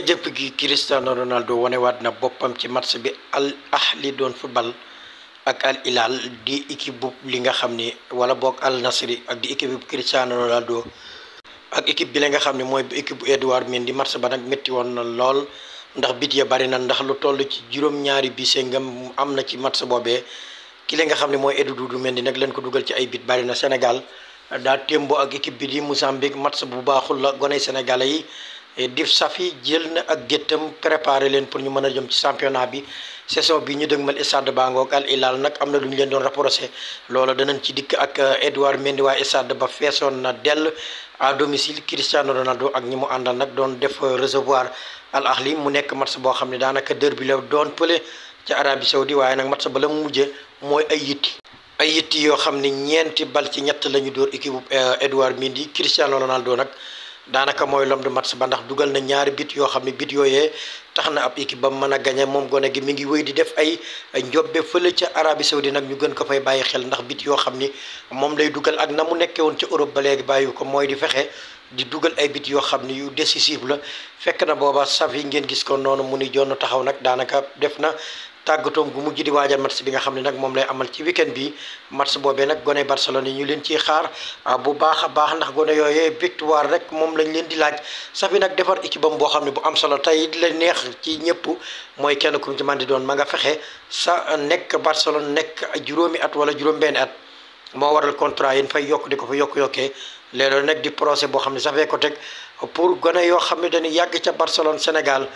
da jëpp gi Cristiano Ronaldo wanewaat na boppam ci match bi Al Ahli doon football ak Al Hilal di équipe bu li nga xam ni wala boog Al Nasri ak di équipe bu Cristiano Ronaldo ak équipe bi la nga xam ne mooy équipe bu Edouard Mendy match ba nag métti woon na lool ndax bit ya bari na ndax lu toll ci juróom-ñaari bise am na ci match boobee ki la nga xam ne mooy Edou Doudou Mendy nag leen ko dugal ci ay bit bari na Sénégal daa témboo ak équipe bi di Mozambique match bu baaxul la gone Sénégalais yi Dif Safi jël na ak géttam préparé leen pour ñu mën a jëm ci championnat bi saison bi ñu dëgmal stade ba ngoog Al Hilal nag am na lu ñu leen doon rapproché loola danañ ci dikk ak euh, Edouard Mendy waa stade ba feesoon na dell à domicile Cristiano Ronaldo ak ñi mu àndal nag doon def euh, recevoir Al Ahli mu nekk match boo xam ne daanaka derby la doon pële ci Arabie Saoudi waaye nag match ba la mu mujje mooy ay yitti ay yitti yoo xam ne ñeenti bal ci ñett la ñu dóor équipe euh, Edouard Mendy Cristiano Ronaldo nag daanaka mooy l'homme du match ba ndax dugal na ñaari bit yoo xam ne bit yooyee tax na ab équipe ba mën a gañe moom gone gi mi ngi wéy di def ay njobbe fële ca Arabie Saoudi nag ñu gën ko fay bàyyi xel ndax bit yoo xam ni moom lay dugal ak na mu nekkee woon ca Europe ba léegi bàyyi ko mooy di fexe di dugal ay bit yoo xam ni yu décisif la fekk na booba saf yi ngeen gis ko noonu mu ni jonn taxaw nag daanaka def na tàggatoom gu mujj di waajal match bi nga xam ne nag moom lay amal ci weekend bi match boobee nag gone Barcelone yi ñu leen ciy xaar ah bu baax a baax nax gone yooyee victoire rek moom lañ leen di laaj sax bi nag defar équipe am boo xam ne boo am solo tey di neex ci ñëpp mooy kenn ku ci man doon ma nga fexe sa nekk Barcelone nekk juróomi at wala juróom-benn at moo waral contrat yi fay yokk di ko fa yokk-yokkee léeg-léeg nag di procès boo xam ne safee ko teg pour gone yoo xam ne dañuy yàgg ca Barcelone Sénégal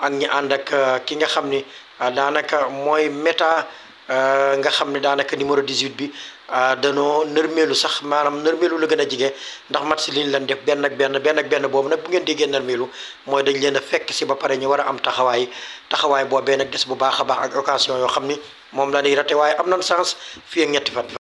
ak ñi ànd ak euh, ki nga xam ni a euh, daanaka mooy méta euh, nga xam ne daanaka numéro 18 bi euh, danoo nërmeelu sax maanaam nërmeelu la gën a jige ndax mat si liñ leen def benn ak benn benn benn boobu nag bu ngeen déggee nërmeelu mooy dañ leen a fekk si ba pare ñu war a am taxawaay taxawaay boobee nag des bu baax a baax ak occasion yoo xam ni moom la ñuy rate waaye am nañ chance fii ñetti fan.